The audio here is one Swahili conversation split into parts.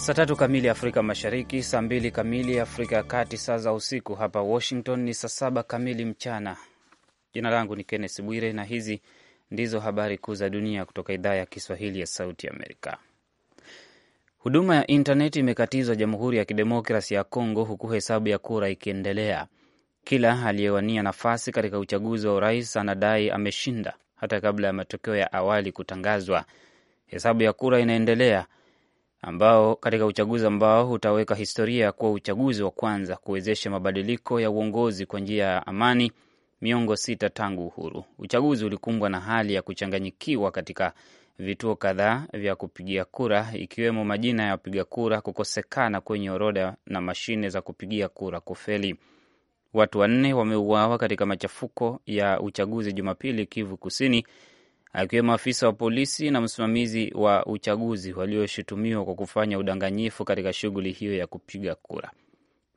Ni saa tatu kamili Afrika Mashariki, saa mbili kamili Afrika ya Kati, saa za usiku. Hapa Washington ni saa saba kamili mchana. Jina langu ni kennes Bwire na hizi ndizo habari kuu za dunia kutoka idhaa ya Kiswahili ya Sauti Amerika. Huduma ya intaneti imekatizwa Jamhuri ya Kidemokrasi ya congo huku hesabu ya kura ikiendelea. Kila aliyewania nafasi katika uchaguzi wa urais anadai ameshinda hata kabla ya matokeo ya awali kutangazwa. Hesabu ya kura inaendelea ambao katika uchaguzi ambao utaweka historia kuwa uchaguzi wa kwanza kuwezesha mabadiliko ya uongozi kwa njia ya amani miongo sita tangu uhuru. Uchaguzi ulikumbwa na hali ya kuchanganyikiwa katika vituo kadhaa vya kupigia kura, ikiwemo majina ya wapiga kura kukosekana kwenye orodha na mashine za kupigia kura kufeli. Watu wanne wameuawa katika machafuko ya uchaguzi Jumapili, Kivu Kusini, akiwemo afisa wa polisi na msimamizi wa uchaguzi walioshutumiwa kwa kufanya udanganyifu katika shughuli hiyo ya kupiga kura.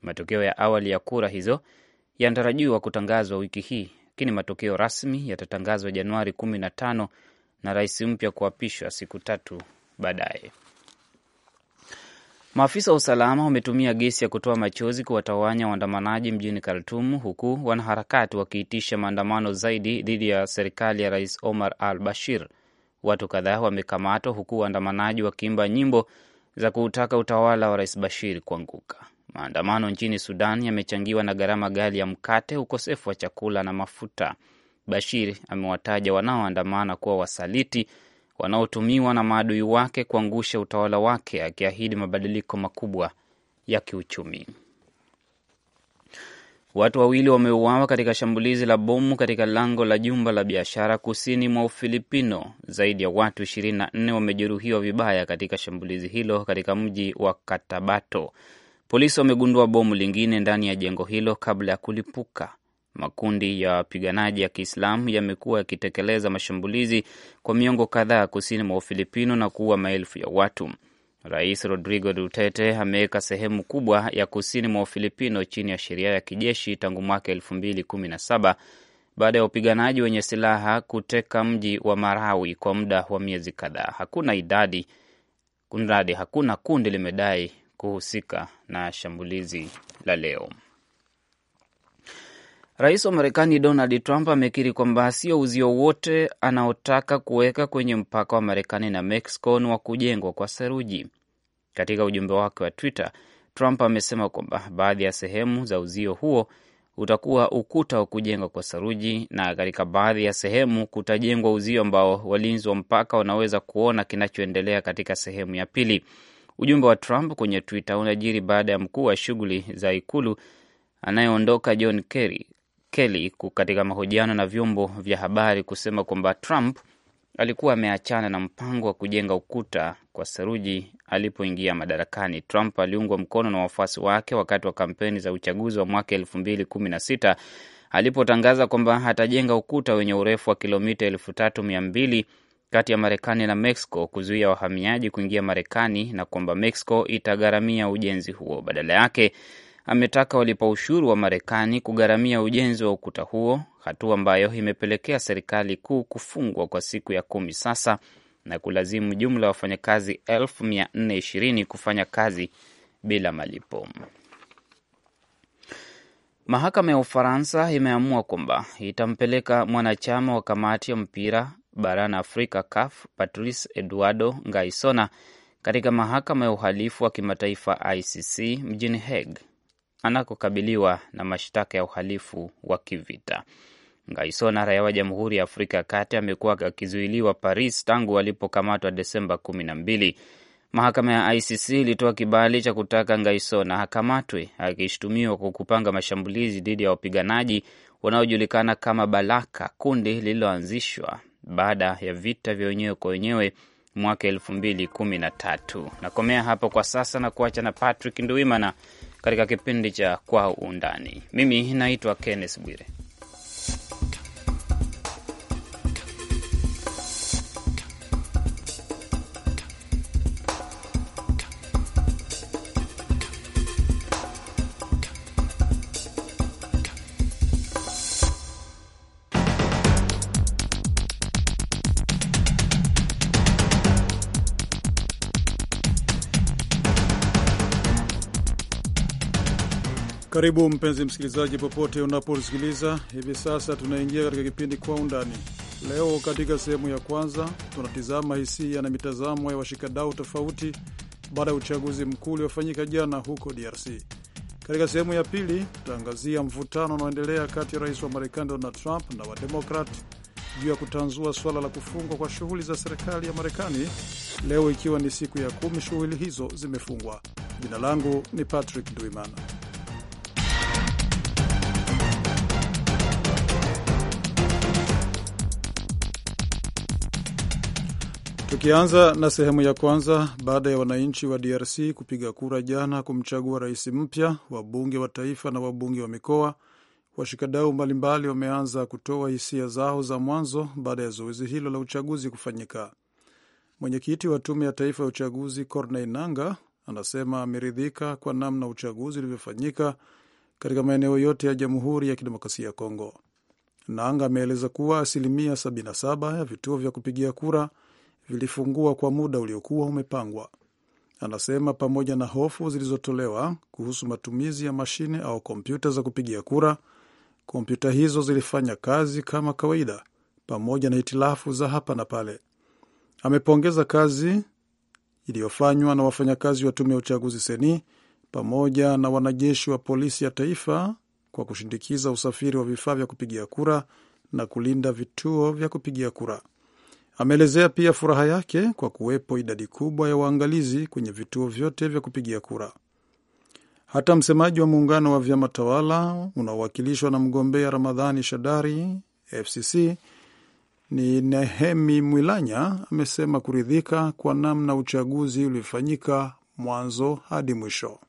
Matokeo ya awali ya kura hizo yanatarajiwa kutangazwa wiki hii, lakini matokeo rasmi yatatangazwa Januari 15 na rais mpya kuapishwa siku tatu baadaye. Maafisa wa usalama wametumia gesi ya kutoa machozi kuwatawanya waandamanaji mjini Khartum, huku wanaharakati wakiitisha maandamano zaidi dhidi ya serikali ya Rais Omar al Bashir. Watu kadhaa wamekamatwa huku waandamanaji wakiimba nyimbo za kuutaka utawala wa Rais Bashir kuanguka. Maandamano nchini Sudan yamechangiwa na gharama ghali ya mkate, ukosefu wa chakula na mafuta. Bashir amewataja wanaoandamana kuwa wasaliti wanaotumiwa na maadui wake kuangusha utawala wake, akiahidi mabadiliko makubwa ya kiuchumi. Watu wawili wameuawa katika shambulizi la bomu katika lango la jumba la biashara kusini mwa Ufilipino. Zaidi ya watu 24 wamejeruhiwa vibaya katika shambulizi hilo katika mji wa Katabato. Polisi wamegundua bomu lingine ndani ya jengo hilo kabla ya kulipuka. Makundi ya wapiganaji ya Kiislamu yamekuwa yakitekeleza mashambulizi kwa miongo kadhaa kusini mwa Ufilipino na kuua maelfu ya watu. Rais Rodrigo Duterte ameweka sehemu kubwa ya kusini mwa Ufilipino chini ya sheria ya kijeshi tangu mwaka elfu mbili kumi na saba baada ya wapiganaji wenye silaha kuteka mji wa Marawi kwa muda wa miezi kadhaa. Hakuna idadi kunradi, hakuna kundi limedai kuhusika na shambulizi la leo. Rais wa Marekani Donald Trump amekiri kwamba sio uzio wote anaotaka kuweka kwenye mpaka wa Marekani na Mexico ni wa kujengwa kwa saruji Katika ujumbe wake wa Twitter, Trump amesema kwamba baadhi ya sehemu za uzio huo utakuwa ukuta wa kujengwa kwa saruji na katika baadhi ya sehemu kutajengwa uzio ambao walinzi wa mpaka wanaweza kuona kinachoendelea katika sehemu ya pili. Ujumbe wa Trump kwenye Twitter unajiri baada ya mkuu wa shughuli za ikulu anayeondoka John Kerry Kelly katika mahojiano na vyombo vya habari kusema kwamba Trump alikuwa ameachana na mpango wa kujenga ukuta kwa seruji alipoingia madarakani. Trump aliungwa mkono na wafuasi wake wakati wa kampeni za uchaguzi wa mwaka elfu mbili kumi na sita alipotangaza kwamba atajenga ukuta wenye urefu wa kilomita elfu tatu mia mbili kati ya Marekani na Mexico kuzuia wahamiaji kuingia Marekani na kwamba Mexico itagharamia ujenzi huo. Badala yake ametaka walipa ushuru wa Marekani kugharamia ujenzi wa ukuta huo, hatua ambayo imepelekea serikali kuu kufungwa kwa siku ya kumi sasa na kulazimu jumla ya wafanyakazi 1420 kufanya kazi bila malipo. Mahakama ya Ufaransa imeamua kwamba itampeleka mwanachama wa kamati ya mpira barani Afrika CAF Patrice Eduardo Ngaisona katika mahakama ya uhalifu wa kimataifa ICC mjini Hague anakokabiliwa na mashtaka ya uhalifu wa kivita. Ngaisona, raia wa Jamhuri ya Afrika ya Kati, amekuwa akizuiliwa Paris tangu alipokamatwa Desemba kumi na mbili. Mahakama ya ICC ilitoa kibali cha kutaka Ngaisona akamatwe akishutumiwa kwa kupanga mashambulizi dhidi ya wapiganaji wanaojulikana kama Balaka, kundi lililoanzishwa baada ya vita vya wenyewe kwa wenyewe mwaka elfu mbili kumi na tatu. Nakomea hapo kwa sasa na kuacha na Patrick Nduimana katika kipindi cha Kwa Undani. Mimi naitwa Kenneth Bwire. Karibu mpenzi msikilizaji, popote unaposikiliza hivi sasa, tunaingia katika kipindi kwa undani. Leo katika sehemu ya kwanza tunatizama hisia na mitazamo ya washikadau tofauti baada ya uchaguzi mkuu uliofanyika jana huko DRC. Katika sehemu ya pili tutaangazia mvutano unaoendelea kati ya rais wa Marekani Donald Trump na Wademokrat juu ya kutanzua suala la kufungwa kwa shughuli za serikali ya Marekani, leo ikiwa ni siku ya kumi shughuli hizo zimefungwa. Jina langu ni Patrick Duimana. Tukianza na sehemu ya kwanza, baada ya wananchi wa DRC kupiga kura jana kumchagua rais mpya, wabunge wa taifa na wabunge wa mikoa, washikadau mbalimbali wameanza kutoa hisia zao za mwanzo baada ya zoezi hilo la uchaguzi kufanyika. Mwenyekiti wa tume ya taifa ya uchaguzi corney Nanga anasema ameridhika kwa namna uchaguzi ulivyofanyika katika maeneo yote ya Jamhuri ya Kidemokrasia ya Kongo. Nanga ameeleza kuwa asilimia 77 ya vituo vya kupigia kura vilifungua kwa muda uliokuwa umepangwa. Anasema pamoja na hofu zilizotolewa kuhusu matumizi ya mashine au kompyuta za kupigia kura, kompyuta hizo zilifanya kazi kama kawaida pamoja na hitilafu za hapa na pale. Amepongeza kazi iliyofanywa na wafanyakazi wa tume ya uchaguzi seni pamoja na wanajeshi wa polisi ya taifa kwa kushindikiza usafiri wa vifaa vya kupigia kura na kulinda vituo vya kupigia kura. Ameelezea pia furaha yake kwa kuwepo idadi kubwa ya waangalizi kwenye vituo vyote vya kupigia kura. Hata msemaji wa muungano wa vyama tawala unaowakilishwa na mgombea Ramadhani Shadari FCC ni Nehemi Mwilanya amesema kuridhika kwa namna uchaguzi uliofanyika mwanzo hadi mwisho.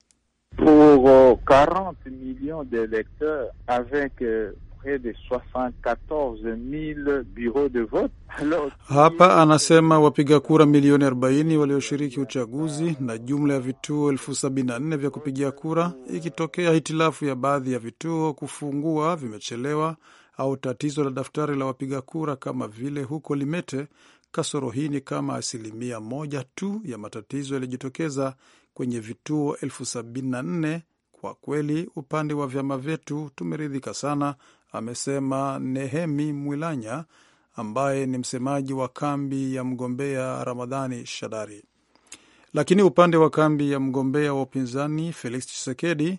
Pour 40 millions avec euh, près de 74 000 bureaux de vote. Alors, hapa anasema wapiga kura milioni 40 walioshiriki uchaguzi na jumla ya vituo elfu sabini na nne vya kupigia kura. Ikitokea hitilafu ya baadhi ya vituo kufungua vimechelewa au tatizo la daftari la wapiga kura kama vile huko Limete, kasoro hii ni kama asilimia moja tu ya matatizo yaliyojitokeza kwenye vituo elfu sabini na nne. Kwa kweli upande wa vyama vyetu tumeridhika sana amesema Nehemi Mwilanya ambaye ni msemaji wa kambi ya mgombea Ramadhani Shadari. Lakini upande wa kambi ya mgombea wa upinzani Felix chisekedi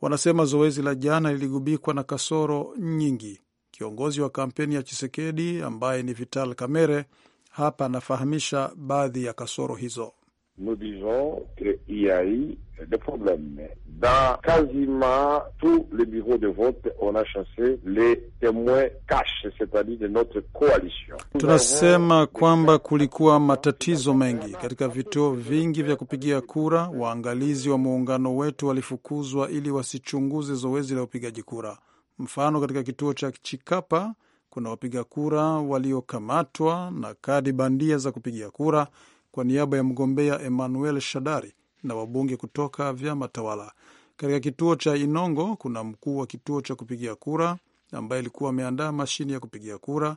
wanasema zoezi la jana liligubikwa na kasoro nyingi. Kiongozi wa kampeni ya chisekedi ambaye ni Vital Kamerhe hapa anafahamisha baadhi ya kasoro hizo nous disons qu'il y a eu des problèmes. Dans quasiment tous les bureaux de vote, on a chassé les témoins cash, c'est-à-dire de notre coalition. Tunasema kwamba kulikuwa matatizo mengi katika vituo vingi vya kupigia kura. Waangalizi wa muungano wetu walifukuzwa ili wasichunguze zoezi la upigaji kura. Mfano, katika kituo cha Chikapa kuna wapiga kura waliokamatwa na kadi bandia za kupigia kura kwa niaba ya mgombea Emmanuel Shadari na wabunge kutoka vyama tawala. Katika kituo cha Inongo kuna mkuu wa kituo cha kupigia kura ambaye alikuwa ameandaa mashine ya kupigia kura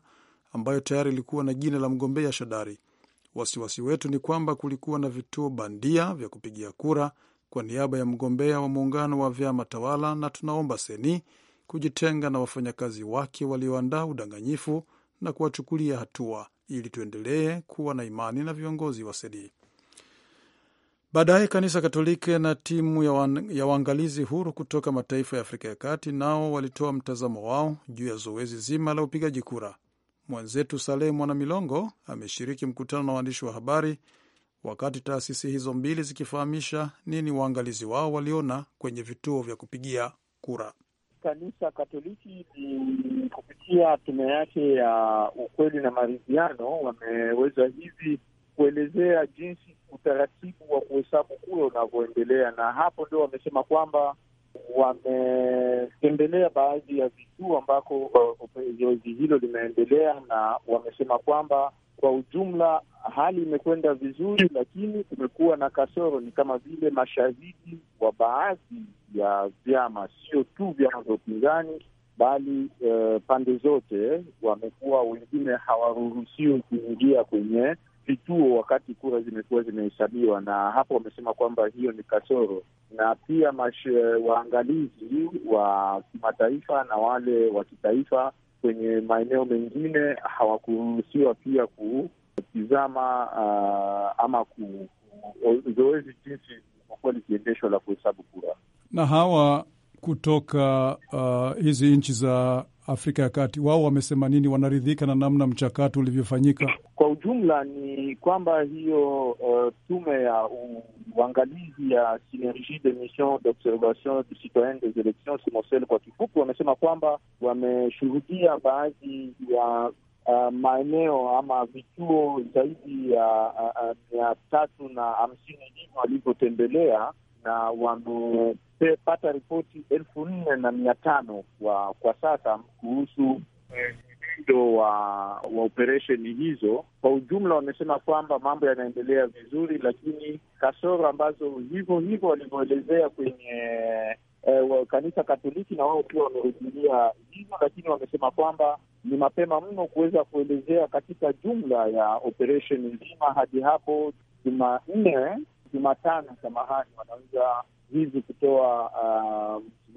ambayo tayari ilikuwa na jina la mgombea Shadari. Wasiwasi wetu ni kwamba kulikuwa na vituo bandia vya kupigia kura kwa niaba ya mgombea wa muungano wa vyama tawala, na tunaomba seni kujitenga na wafanyakazi wake walioandaa udanganyifu na kuwachukulia hatua, ili tuendelee kuwa na imani na viongozi wa CEDI. Baadaye kanisa Katoliki na timu ya, ya waangalizi huru kutoka mataifa ya Afrika ya Kati nao walitoa mtazamo wao juu ya zoezi zima la upigaji kura. Mwenzetu Saleh Mwanamilongo ameshiriki mkutano na waandishi wa habari wakati taasisi hizo mbili zikifahamisha nini waangalizi wao waliona kwenye vituo vya kupigia kura. Kanisa Katoliki ni kupitia tume yake ya ukweli na maridhiano, wameweza hivi kuelezea jinsi utaratibu wa kuhesabu kura unavyoendelea, na hapo ndio wamesema kwamba wametembelea baadhi ya vituo ambako uh, zoezi hilo limeendelea, na wamesema kwamba kwa ujumla hali imekwenda vizuri, lakini kumekuwa na kasoro. Ni kama vile mashahidi wa baadhi ya vyama, sio tu vyama vya upinzani, bali uh, pande zote wamekuwa, wengine hawaruhusiwi kuingia kwenye vituo wakati kura zimekuwa zimehesabiwa, na hapo wamesema kwamba hiyo ni kasoro, na pia mash, waangalizi wa kimataifa na wale wa kitaifa kwenye maeneo mengine hawakuruhusiwa pia kutizama uh, ama kuzoezi jinsi limekuwa likiendeshwa la kuhesabu kura, na hawa kutoka uh, hizi nchi za Afrika ya Kati, wao wamesema nini? Wanaridhika na namna mchakato ulivyofanyika? Kwa ujumla ni kwamba hiyo uh, tume ya uangalizi ya Synergie d'Observation du Citoyen des Elections kwa kifupi, wamesema kwamba wameshuhudia baadhi ya Uh, maeneo ama vituo zaidi ya uh, uh, mia tatu na hamsini hivi walivyotembelea na wamepata ripoti elfu nne na mia tano kwa, kwa sasa kuhusu mwenendo wa, wa operesheni hizo. Kwa ujumla, wamesema kwamba mambo yanaendelea vizuri, lakini kasoro ambazo hivyo hivyo walivyoelezea kwenye eh, wa kanisa Katoliki na wao pia wamehudhuria hivyo, lakini wamesema kwamba ni mapema mno kuweza kuelezea katika jumla ya operesheni nzima hadi hapo Jumanne Jumatano, samahani, wanaweza hizi kutoa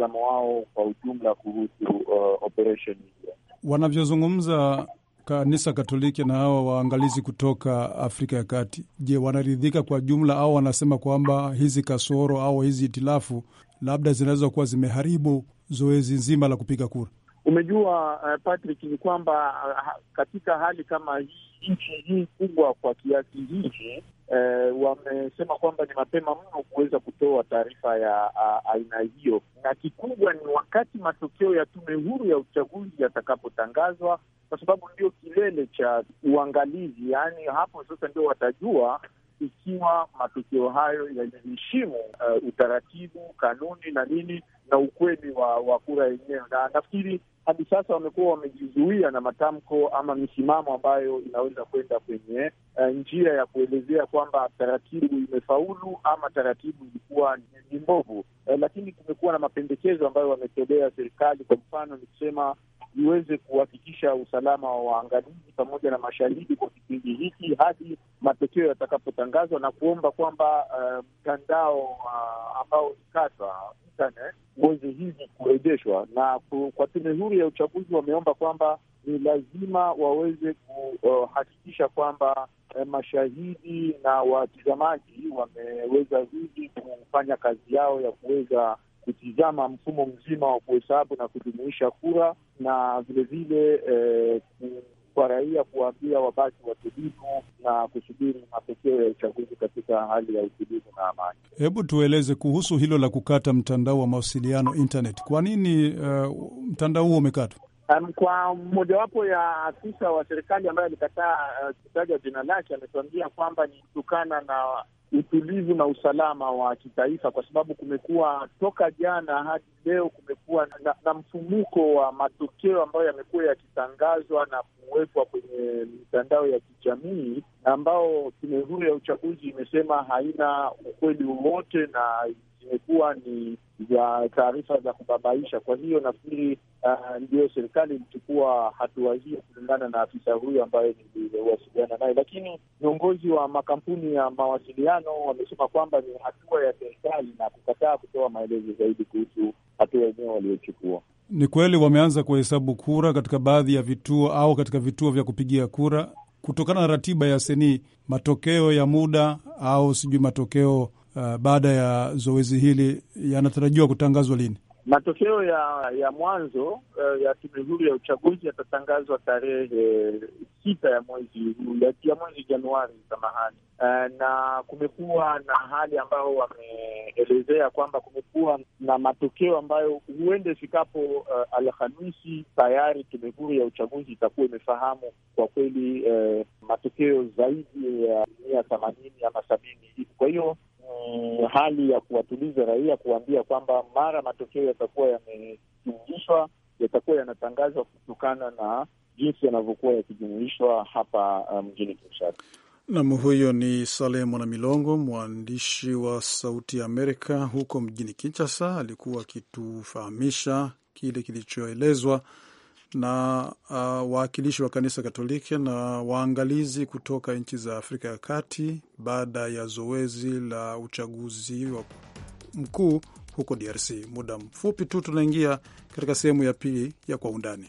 uh, wao kwa ujumla kuhusu uh, operesheni hiyo wanavyozungumza kanisa Katoliki na hawa waangalizi kutoka Afrika ya Kati. Je, wanaridhika kwa jumla au wanasema kwamba hizi kasoro au hizi hitilafu labda zinaweza kuwa zimeharibu zoezi nzima la kupiga kura? Umejua uh, Patrick, ni kwamba uh, katika hali kama hii nchi hii kubwa kwa kiasi hiki eh, wamesema kwamba ni mapema mno kuweza kutoa taarifa ya aina hiyo, na kikubwa ni wakati matokeo ya tume huru ya uchaguzi yatakapotangazwa, kwa sababu ndio kilele cha uangalizi, yaani hapo sasa ndio watajua ikiwa matokeo hayo yaliheshimu uh, eh, utaratibu, kanuni na nini na ukweli wa, wa kura yenyewe, na nafikiri hadi sasa wamekuwa wamejizuia na matamko ama misimamo ambayo inaweza kwenda kwenye uh, njia ya kuelezea kwamba taratibu imefaulu ama taratibu ilikuwa ni mbovu. Uh, lakini kumekuwa na mapendekezo ambayo wametolea serikali, kwa mfano ni kusema iweze kuhakikisha usalama wa waangalizi pamoja na mashahidi kwa kipindi hiki hadi matokeo yatakapotangazwa, na kuomba kwamba eh, mtandao uh, uh, ambao ulikatwa internet uweze hivi kurejeshwa. Na kwa tume huru ya uchaguzi wameomba kwamba ni lazima waweze kuhakikisha eh, uh, kwamba mashahidi na watizamaji wameweza hivi kufanya kazi yao ya kuweza kutizama mfumo mzima wa kuhesabu na kujumuisha kura na vilevile eh, kwa raia kuwaambia wabaki watulivu na kusubiri matokeo ya uchaguzi katika hali ya utulivu na amani. Hebu tueleze kuhusu hilo la kukata mtandao wa mawasiliano internet. Kwa nini uh, mtandao huo umekatwa? Um, kwa mmojawapo ya afisa wa serikali ambaye alikataa eh, kutaja jina lake, ametuambia kwamba ni kutokana na utulivu na usalama wa kitaifa, kwa sababu kumekuwa toka jana hadi leo kumekuwa na, na mfumuko wa matokeo ambayo yamekuwa yakitangazwa na kuwekwa kwenye mitandao ya kijamii ambao tume huru ya uchaguzi imesema haina ukweli wowote na zimekuwa ni za taarifa za kubabaisha. Kwa hiyo nafikiri uh, ndio serikali ilichukua hatua hiyo kulingana na afisa huyo ambaye niliwasiliana naye, lakini viongozi wa makampuni ya mawasiliano wamesema kwamba ni hatua ya serikali na kukataa kutoa maelezo zaidi kuhusu hatua yenyewe waliochukua. Ni kweli wameanza kuhesabu kura katika baadhi ya vituo au katika vituo vya kupigia kura kutokana na ratiba ya seni, matokeo ya muda au sijui matokeo uh, baada ya zoezi hili yanatarajiwa kutangazwa lini? Matokeo ya ya mwanzo uh, ya tume huru ya uchaguzi yatatangazwa tarehe eh, sita ya mwezi huu ya, ya mwezi Januari, samahani. Uh, na kumekuwa na hali ambayo wameelezea kwamba kumekuwa na matokeo ambayo huende ifikapo uh, Alhamisi tayari tume huru ya uchaguzi itakuwa imefahamu kwa kweli uh, matokeo zaidi ya mia themanini ama sabini hivi, kwa hiyo mm, hali ya kuwatuliza raia, kuambia kwamba mara matokeo yatakuwa yamejumuishwa, yatakuwa yanatangazwa kutokana na jinsi yanavyokuwa yakijumuishwa hapa eh, mjini um, Kinshasa. Nam, huyo ni Saleh Mwanamilongo, mwandishi wa Sauti ya Amerika huko mjini Kinshasa. Alikuwa akitufahamisha kile kilichoelezwa na uh, waakilishi wa kanisa Katoliki na waangalizi kutoka nchi za Afrika ya Kati baada ya zoezi la uchaguzi wa mkuu huko DRC. Muda mfupi tu tunaingia katika sehemu ya pili ya Kwa Undani.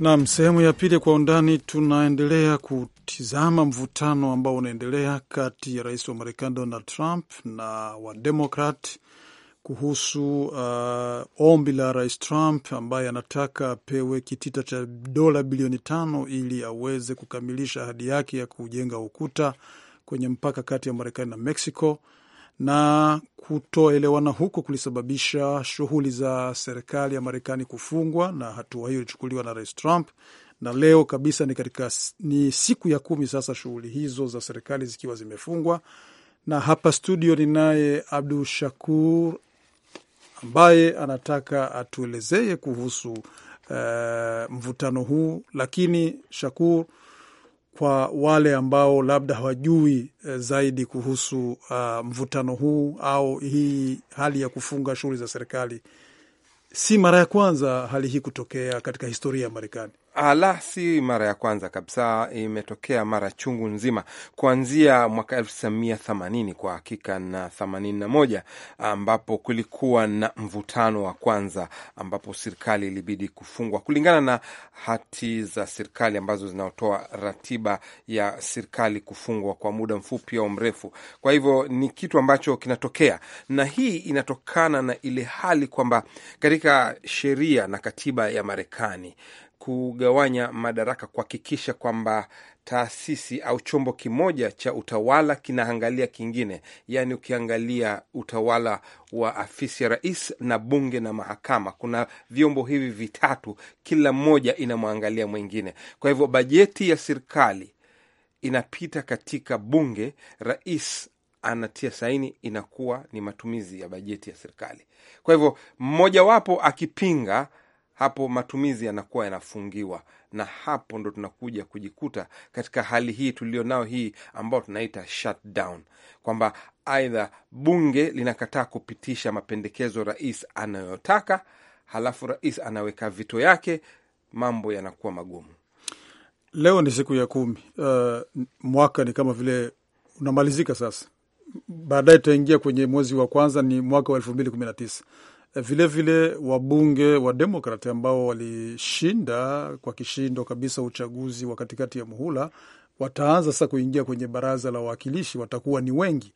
Nam, sehemu ya pili ya Kwa Undani tunaendelea ku kutizama mvutano ambao unaendelea kati ya rais wa Marekani Donald Trump na Wademokrat kuhusu uh, ombi la rais Trump ambaye anataka apewe kitita cha dola bilioni tano ili aweze kukamilisha ahadi yake ya kujenga ukuta kwenye mpaka kati ya Marekani na Mexico. Na kutoelewana huko kulisababisha shughuli za serikali ya Marekani kufungwa, na hatua hiyo ilichukuliwa na rais Trump na leo kabisa ni katika ni siku ya kumi sasa, shughuli hizo za serikali zikiwa zimefungwa. Na hapa studio ninaye Abdu Shakur ambaye anataka atuelezee kuhusu uh, mvutano huu. Lakini Shakur, kwa wale ambao labda hawajui uh, zaidi kuhusu uh, mvutano huu au hii hali ya kufunga shughuli za serikali, si mara ya kwanza hali hii kutokea katika historia ya Marekani ala si mara ya kwanza kabisa, imetokea mara chungu nzima kuanzia mwaka elfu tisa mia themanini kwa hakika na themanini na moja ambapo kulikuwa na mvutano wa kwanza, ambapo serikali ilibidi kufungwa kulingana na hati za serikali ambazo zinaotoa ratiba ya serikali kufungwa kwa muda mfupi au mrefu. Kwa hivyo ni kitu ambacho kinatokea, na hii inatokana na ile hali kwamba katika sheria na katiba ya Marekani kugawanya madaraka, kuhakikisha kwamba taasisi au chombo kimoja cha utawala kinaangalia kingine. Yaani, ukiangalia utawala wa afisi ya rais na bunge na mahakama, kuna vyombo hivi vitatu, kila mmoja inamwangalia mwingine. Kwa hivyo bajeti ya serikali inapita katika bunge, rais anatia saini, inakuwa ni matumizi ya bajeti ya serikali. Kwa hivyo mmojawapo akipinga hapo matumizi yanakuwa yanafungiwa, na hapo ndo tunakuja kujikuta katika hali hii tulionao hii ambayo tunaita shutdown, kwamba aidha bunge linakataa kupitisha mapendekezo rais anayotaka, halafu rais anaweka vito yake, mambo yanakuwa magumu. Leo ni siku ya kumi. Uh, mwaka ni kama vile unamalizika sasa, baadaye tutaingia kwenye mwezi wa kwanza, ni mwaka wa elfu mbili kumi na tisa vilevile vile wabunge wa Demokrat ambao walishinda kwa kishindo kabisa uchaguzi wa katikati ya muhula wataanza sasa kuingia kwenye baraza la wawakilishi, watakuwa ni wengi.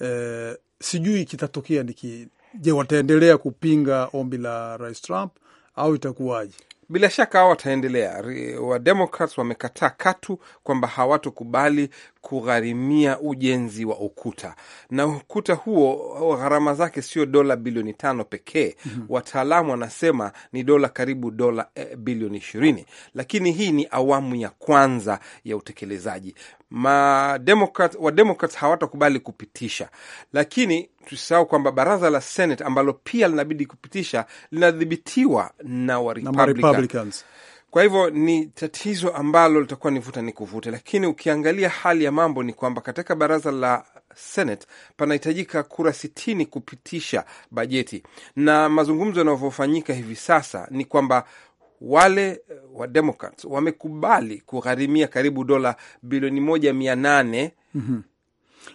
E, sijui kitatokea niki, je, wataendelea kupinga ombi la Rais Trump au itakuwaje? Bila shaka hao wataendelea. Wademokrat wamekataa katu kwamba hawatokubali kugharimia ujenzi wa ukuta, na ukuta huo gharama zake sio dola bilioni tano pekee. mm -hmm. Wataalamu wanasema ni dola karibu dola eh, bilioni ishirini, lakini hii ni awamu ya kwanza ya utekelezaji. Mademokrat, wademokrat hawatakubali kupitisha, lakini tusisahau kwamba baraza la Senate ambalo pia linabidi kupitisha linadhibitiwa na na kwa hivyo ni tatizo ambalo litakuwa ni vuta ni kuvute, lakini ukiangalia hali ya mambo ni kwamba katika baraza la Senate panahitajika kura sitini kupitisha bajeti, na mazungumzo yanavyofanyika hivi sasa ni kwamba wale eh, wa Democrats wamekubali kugharimia karibu dola bilioni moja mia nane mm -hmm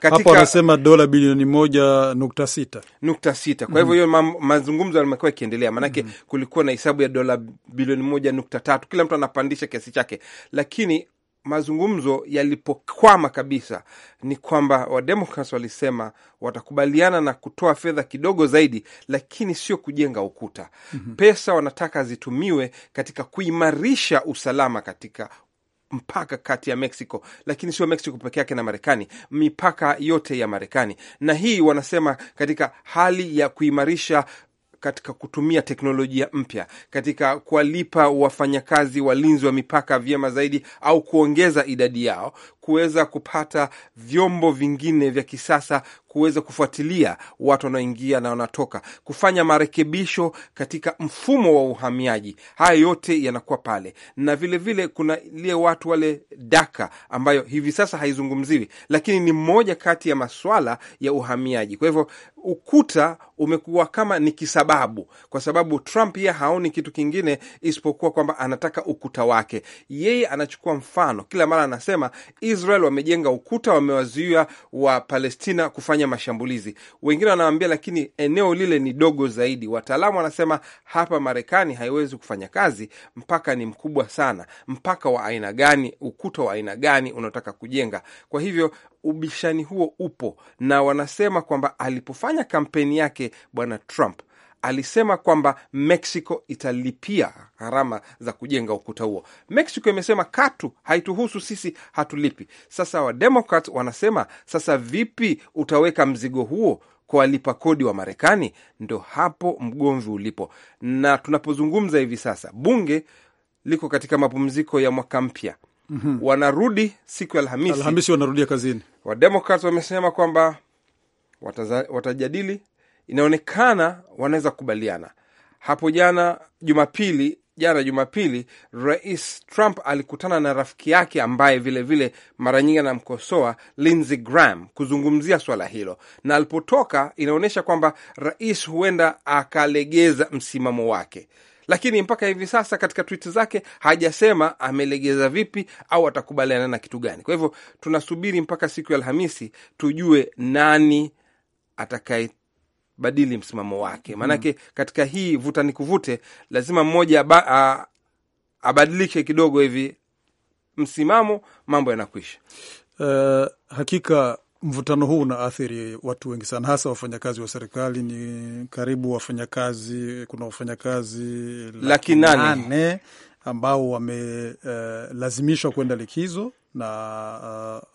hapo anasema dola bilioni moja nukta sita nukta sita kwa hivyo mm hiyo mazungumzo yamekuwa yakiendelea maanake mm -hmm. kulikuwa na hesabu ya dola bilioni moja nukta tatu kila mtu anapandisha kiasi chake lakini mazungumzo yalipokwama kabisa ni kwamba wademokra walisema watakubaliana na kutoa fedha kidogo zaidi, lakini sio kujenga ukuta. mm -hmm. Pesa wanataka zitumiwe katika kuimarisha usalama katika mpaka kati ya Mexico, lakini sio Mexico peke yake na Marekani, mipaka yote ya Marekani. Na hii wanasema katika hali ya kuimarisha katika kutumia teknolojia mpya katika kuwalipa wafanyakazi walinzi wa mipaka vyema zaidi, au kuongeza idadi yao, kuweza kupata vyombo vingine vya kisasa kuweza kufuatilia watu wanaoingia na wanatoka, kufanya marekebisho katika mfumo wa uhamiaji. Haya yote yanakuwa pale, na vilevile vile kuna ile watu wale daka ambayo hivi sasa haizungumziwi, lakini ni mmoja kati ya maswala ya uhamiaji. Kwa hivyo ukuta umekuwa kama ni kisababu, kwa sababu Trump yeye haoni kitu kingine isipokuwa kwamba anataka ukuta wake. Yeye anachukua mfano kila mara, anasema Israel wamejenga ukuta, wamewazuia wa Palestina kufanya mashambulizi. Wengine wanawambia lakini eneo lile ni dogo zaidi. Wataalamu wanasema hapa Marekani haiwezi kufanya kazi, mpaka ni mkubwa sana. Mpaka wa aina gani? Ukuta wa aina gani unaotaka kujenga? Kwa hivyo ubishani huo upo, na wanasema kwamba alipofanya kampeni yake Bwana Trump alisema kwamba Mexico italipia gharama za kujenga ukuta huo. Mexico imesema katu haituhusu sisi, hatulipi. Sasa Wademokrat wanasema sasa, vipi utaweka mzigo huo kwa walipa kodi wa Marekani? Ndo hapo mgomvi ulipo, na tunapozungumza hivi sasa bunge liko katika mapumziko ya mwaka mpya. Mm -hmm. Wanarudi siku ya Alhamisi. Alhamisi wanarudia kazini. Wademokrat wamesema kwamba watajadili inaonekana wanaweza kukubaliana. Hapo jana Jumapili, jana Jumapili, Rais Trump alikutana na rafiki yake ambaye vilevile vile mara nyingi anamkosoa Lindsey Graham kuzungumzia swala hilo, na alipotoka inaonyesha kwamba rais huenda akalegeza msimamo wake, lakini mpaka hivi sasa katika twiti zake hajasema amelegeza vipi au atakubaliana na kitu gani. Kwa hivyo tunasubiri mpaka siku ya Alhamisi tujue nani atakaye badili msimamo wake, maanake mm-hmm. mm. katika hii vuta ni kuvute lazima mmoja abadilike kidogo hivi msimamo, mambo yanakwisha. Uh, hakika mvutano huu unaathiri watu wengi sana, hasa wafanyakazi wa serikali. Ni karibu wafanyakazi, kuna wafanyakazi laki nane ambao wamelazimishwa eh, uh, kwenda likizo na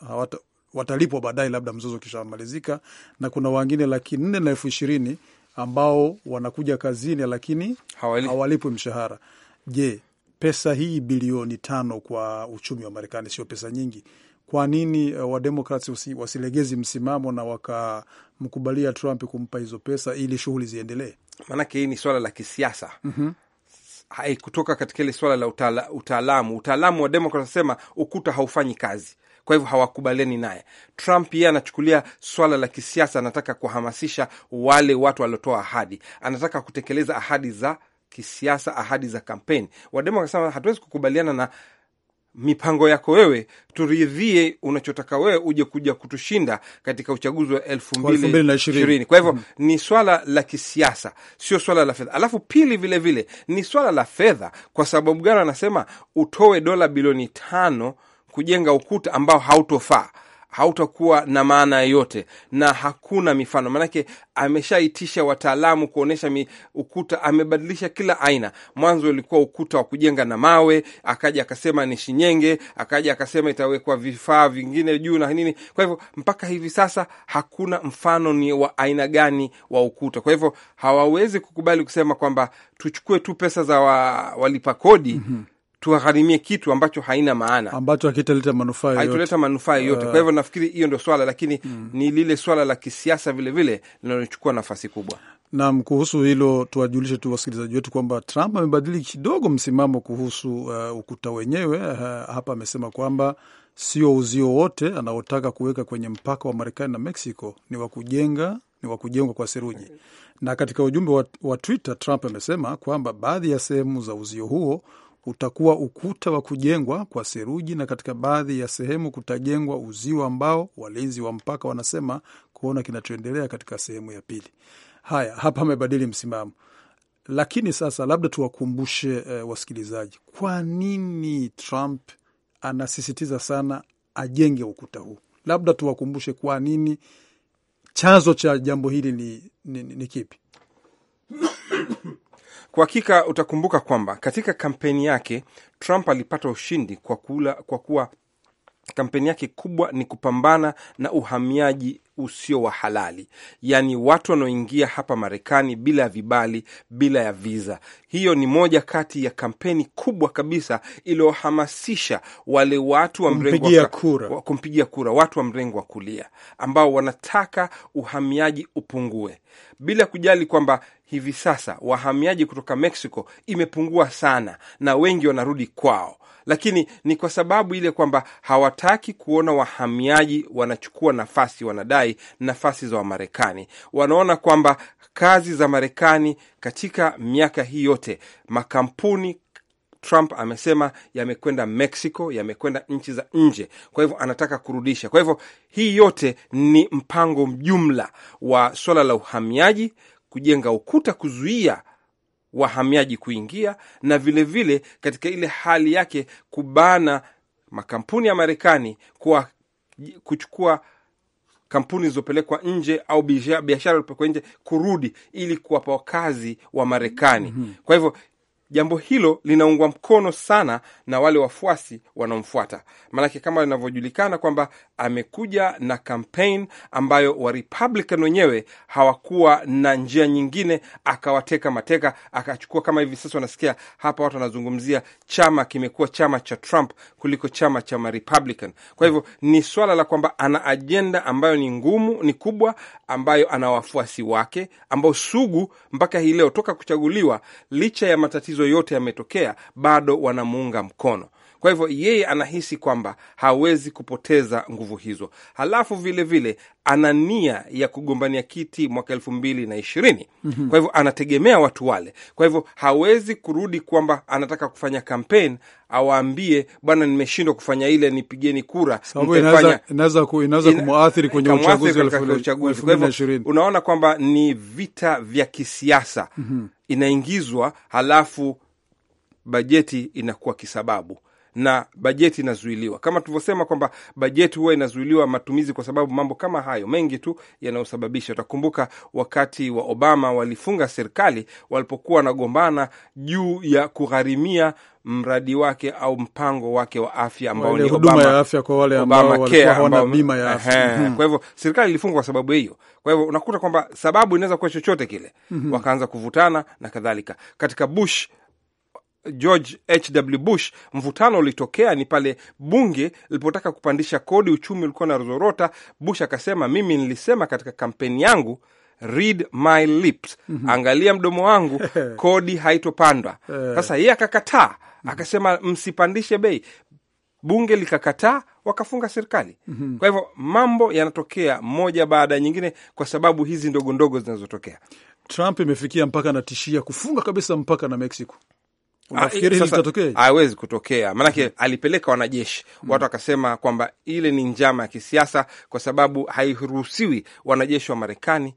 uh, hawata watalipwa baadaye, labda mzozo ukishamalizika, na kuna wengine laki nne na elfu ishirini ambao wanakuja kazini lakini hawalipwi mshahara. Je, pesa hii bilioni tano kwa uchumi wa Marekani sio pesa nyingi? Kwa nini uh, wademokrats wasilegezi msimamo na wakamkubalia Trump kumpa hizo pesa ili shughuli ziendelee? Maanake hii ni swala la kisiasa mm -hmm. Haikutoka katika ile swala la utaalamu. Utaalamu wa demokrat asema ukuta haufanyi kazi kwa hivyo hawakubaliani naye. Trump yeye anachukulia swala la kisiasa, anataka kuhamasisha wale watu waliotoa ahadi, anataka kutekeleza ahadi za kisiasa, ahadi za kampeni. Wademo wakasema hatuwezi kukubaliana na mipango yako wewe, turidhie unachotaka wewe, uje kuja kutushinda katika uchaguzi wa elfu mbili na ishirini. Kwa hivyo mm, ni swala la kisiasa, sio swala la fedha. Alafu pili, vilevile vile, ni swala la fedha. Kwa sababu gani? Anasema utoe dola bilioni tano kujenga ukuta ambao hautofaa hautakuwa na maana yoyote, na hakuna mifano. Maanake ameshaitisha wataalamu kuonyesha ukuta, amebadilisha kila aina. Mwanzo ulikuwa ukuta wa kujenga na mawe, akaja akasema ni shinyenge, akaja akasema itawekwa vifaa vingine juu na nini. Kwa hivyo mpaka hivi sasa hakuna mfano ni wa aina gani wa ukuta. Kwa hivyo hawawezi kukubali kusema kwamba tuchukue tu pesa za wa, walipa kodi mm -hmm tuwagharimie kitu ambacho haina maana, ambacho hakitaleta manufaa haituleta manufaa yote. Kwa hivyo eh. nafikiri hiyo ndio swala, lakini mm, ni lile swala la kisiasa vilevile linalochukua nafasi kubwa. Naam, kuhusu hilo tuwajulishe tu wasikilizaji wetu kwamba Trump amebadili kidogo msimamo kuhusu uh, ukuta wenyewe. Uh, hapa amesema kwamba sio uzio wote anaotaka kuweka kwenye mpaka wa Marekani na Mexico ni wa kujenga ni wa kujengwa kwa seruji. Na katika ujumbe wa, wa Twitter Trump amesema kwamba baadhi ya sehemu za uzio huo utakuwa ukuta wa kujengwa kwa seruji na katika baadhi ya sehemu kutajengwa uzio ambao walinzi wa mpaka wanasema kuona kinachoendelea katika sehemu ya pili. Haya, hapa amebadili msimamo, lakini sasa labda tuwakumbushe eh, wasikilizaji, kwa nini Trump anasisitiza sana ajenge ukuta huu? Labda tuwakumbushe kwa nini, chanzo cha jambo hili ni, ni, ni, ni kipi? Kwa hakika utakumbuka kwamba katika kampeni yake Trump alipata ushindi kwa, kula, kwa kuwa kampeni yake kubwa ni kupambana na uhamiaji usio wa halali, yaani watu wanaoingia hapa Marekani bila ya vibali, bila ya viza. Hiyo ni moja kati ya kampeni kubwa kabisa iliyohamasisha wale watu wa mrengo wa kura, kumpigia kura watu wa mrengo wa kulia ambao wanataka uhamiaji upungue bila kujali kwamba hivi sasa wahamiaji kutoka Mexico imepungua sana na wengi wanarudi kwao lakini ni kwa sababu ile kwamba hawataki kuona wahamiaji wanachukua nafasi, wanadai nafasi za Wamarekani. Wanaona kwamba kazi za Marekani katika miaka hii yote makampuni Trump amesema yamekwenda Mexico, yamekwenda nchi za nje. Kwa hivyo anataka kurudisha. Kwa hivyo hii yote ni mpango mjumla wa swala la uhamiaji, kujenga ukuta, kuzuia wahamiaji kuingia, na vilevile vile katika ile hali yake kubana makampuni ya Marekani kuwa kuchukua kampuni zilizopelekwa nje au biashara ilipelekwa nje kurudi ili kuwapa wakazi wa Marekani. mm -hmm. Kwa hivyo Jambo hilo linaungwa mkono sana na wale wafuasi wanaomfuata, maanake kama inavyojulikana kwamba amekuja na kampeni ambayo wa Republican wenyewe hawakuwa na njia nyingine, akawateka mateka, akachukua. Kama hivi sasa wanasikia hapa watu wanazungumzia chama kimekuwa chama cha Trump kuliko chama cha Republican. Kwa hivyo ni swala la kwamba ana ajenda ambayo ni ngumu, ni kubwa, ambayo ana wafuasi wake ambao sugu mpaka hii leo toka kuchaguliwa, licha ya matatizo yote yametokea, bado wanamuunga mkono. Kwa hivyo yeye anahisi kwamba hawezi kupoteza nguvu hizo. Halafu vilevile vile, ana nia ya kugombania kiti mwaka elfu mbili na ishirini. mm -hmm. Kwa hivyo anategemea watu wale, kwa hivyo hawezi kurudi kwamba anataka kufanya kampen awaambie bwana, nimeshindwa kufanya ile, nipigeni kura. Inaweza kumwathiri kwenye uchaguzi Unaona kwamba ni vita vya kisiasa mm -hmm. inaingizwa, halafu bajeti inakuwa kisababu na bajeti inazuiliwa, kama tulivyosema kwamba bajeti huwa inazuiliwa matumizi kwa sababu mambo kama hayo mengi tu yanayosababisha. Utakumbuka wakati wa Obama walifunga serikali walipokuwa wanagombana juu ya kugharimia mradi wake au mpango wake wa afya ambao ni huduma ya afya kwa wale ambao walikuwa hawana bima ya afya. Hmm. Kwa hivyo serikali ilifungwa kwa sababu hiyo. Kwa hivyo unakuta kwamba sababu inaweza kuwa chochote kile. Mm -hmm. Wakaanza kuvutana na kadhalika. Katika Bush George HW Bush, mvutano ulitokea ni pale bunge lilipotaka kupandisha kodi, uchumi ulikuwa na rozorota. Bush akasema, mimi nilisema katika kampeni yangu Read my lips. Mm -hmm. Angalia mdomo wangu, kodi haitopandwa. Eh. Sasa yeye akakataa, akasema msipandishe bei, bunge likakataa, wakafunga serikali. Mm -hmm. Kwa hivyo mambo yanatokea moja baada ya nyingine kwa sababu hizi ndogo ndogo zinazotokea. Trump imefikia mpaka anatishia kufunga kabisa mpaka na Mexico. Ah, Unafikiri hili litatokea? Hawezi kutokea, maanake mm-hmm. alipeleka wanajeshi mm. Watu wakasema kwamba ile ni njama ya kisiasa, kwa sababu hairuhusiwi wanajeshi wa Marekani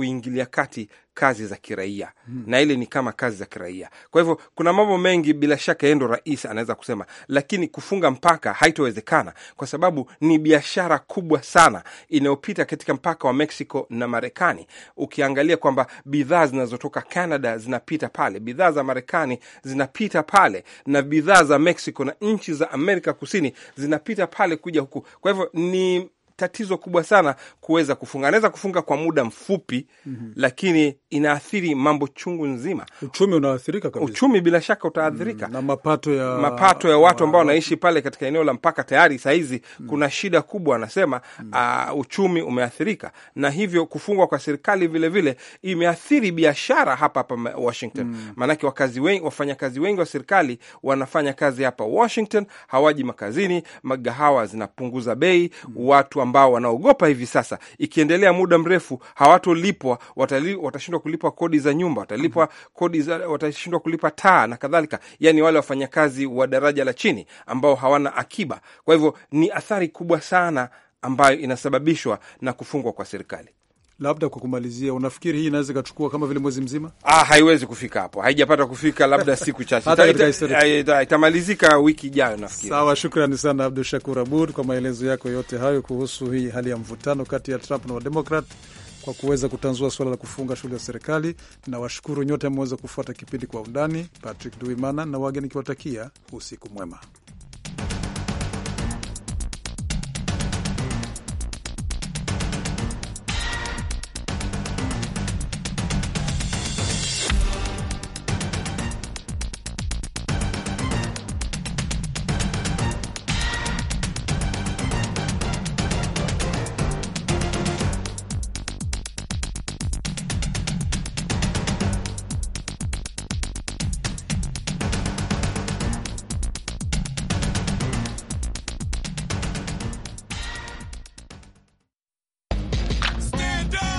kuingilia kati kazi za kiraia hmm. Na ile ni kama kazi za kiraia. Kwa hivyo kuna mambo mengi, bila shaka yendo rais anaweza kusema, lakini kufunga mpaka haitowezekana kwa sababu ni biashara kubwa sana inayopita katika mpaka wa Mexico na Marekani. Ukiangalia kwamba bidhaa zinazotoka Canada zinapita pale, bidhaa za Marekani zinapita pale, na bidhaa za Mexico na nchi za Amerika Kusini zinapita pale kuja huku. Kwa hivyo ni tatizo kubwa sana kuweza kufunga. Anaweza kufunga kwa muda mfupi mm -hmm. lakini inaathiri mambo chungu nzima. Uchumi unaathirika kabisa. Uchumi bila shaka utaathirika mm, na mapato ya... mapato ya watu ambao wanaishi pale katika eneo la mpaka tayari sahizi mm. kuna shida kubwa anasema mm. uh, uchumi umeathirika, na hivyo kufungwa kwa serikali vilevile imeathiri biashara hapa hapa Washington, mm. maanake wakazi wengi, wafanyakazi wengi wa serikali wanafanya kazi hapa Washington, hawaji makazini, magahawa zinapunguza bei mm. watu ambao wanaogopa hivi sasa. Ikiendelea muda mrefu, hawatolipwa watashindwa kulipa kodi za nyumba, watalipwa kodi za, watashindwa kulipa taa na kadhalika, yaani wale wafanyakazi wa daraja la chini ambao hawana akiba. Kwa hivyo ni athari kubwa sana ambayo inasababishwa na kufungwa kwa serikali. Labda kwa kumalizia, unafikiri hii inaweza ikachukua kama vile mwezi mzima? Ah, haiwezi kufika hapo, haijapata kufika, labda siku chache itamalizika wiki ijayo nafikiri. Sawa, shukrani sana Abdu Shakur Abud kwa maelezo yako yote hayo kuhusu hii hali ya mvutano kati ya Trump na Wademokrat kwa kuweza kutanzua suala la kufunga shughuli za serikali. Na washukuru nyote ameweza kufuata kipindi kwa undani. Patrick Duimana na wage nikiwatakia usiku mwema.